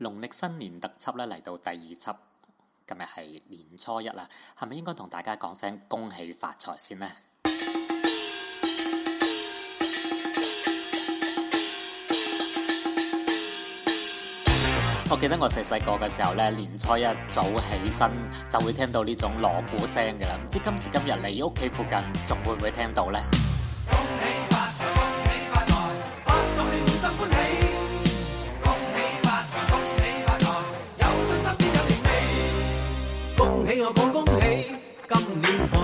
農曆新年特輯咧嚟到第二輯，今日係年初一啦，係咪應該同大家講聲恭喜發財先呢？ 我記得我細細個嘅時候咧，年初一早起身就會聽到呢種鑼鼓聲嘅啦，唔知今時今日你屋企附近仲會唔會聽到呢？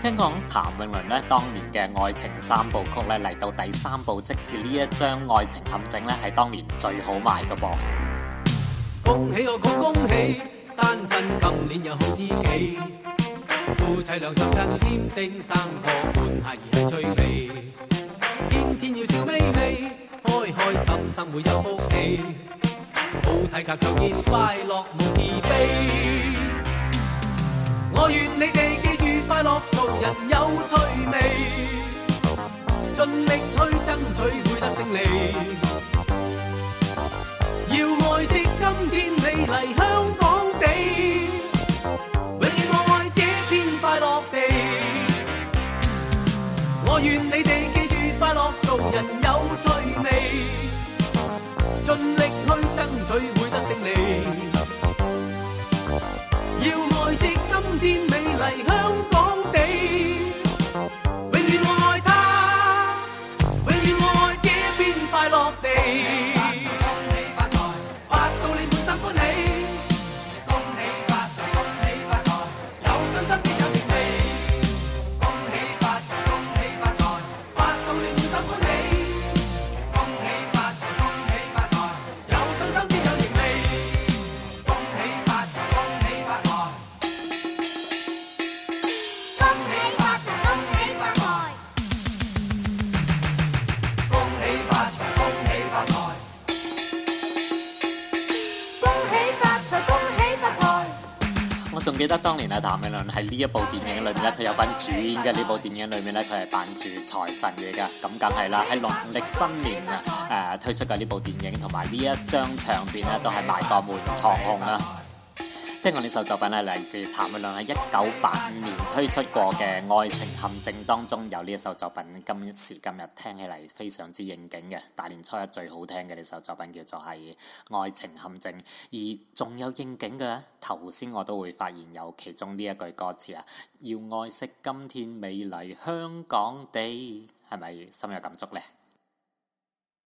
聽講譚詠麟咧當年嘅愛情三部曲咧嚟到第三部，即是呢一張《愛情陷阱》咧，係當年最好賣嘅噃。恭喜我，恭恭喜，單身今年有好知己，夫妻倆相親，訂生個歡喜係最美，天天要笑眯眯，開開心心會有福氣，好體格，強健快樂無自卑，我願你哋。人有趣味，盡力去爭取會得勝利。要愛惜今天美麗香港地，為我愛這片快樂地。我願你哋記住快樂做人有趣味，盡力。仲記得當年啊，譚詠麟喺呢一部電影裏面咧，佢有份主演嘅呢部電影裏面咧，佢係扮住財神嘅㗎。咁梗係啦，喺農曆新年啊誒、呃、推出嘅呢部電影，同埋呢一張唱片咧都係賣個門唐紅啊。聽講呢首作品係嚟自譚詠麟喺一九八五年推出過嘅《愛情陷阱》當中有呢一首作品，今時今日聽起嚟非常之應景嘅，大年初一最好聽嘅呢首作品叫做係《愛情陷阱》，而仲有應景嘅，頭先我都會發現有其中呢一句歌詞啊，要愛惜今天美麗香港地，係咪深有感觸呢？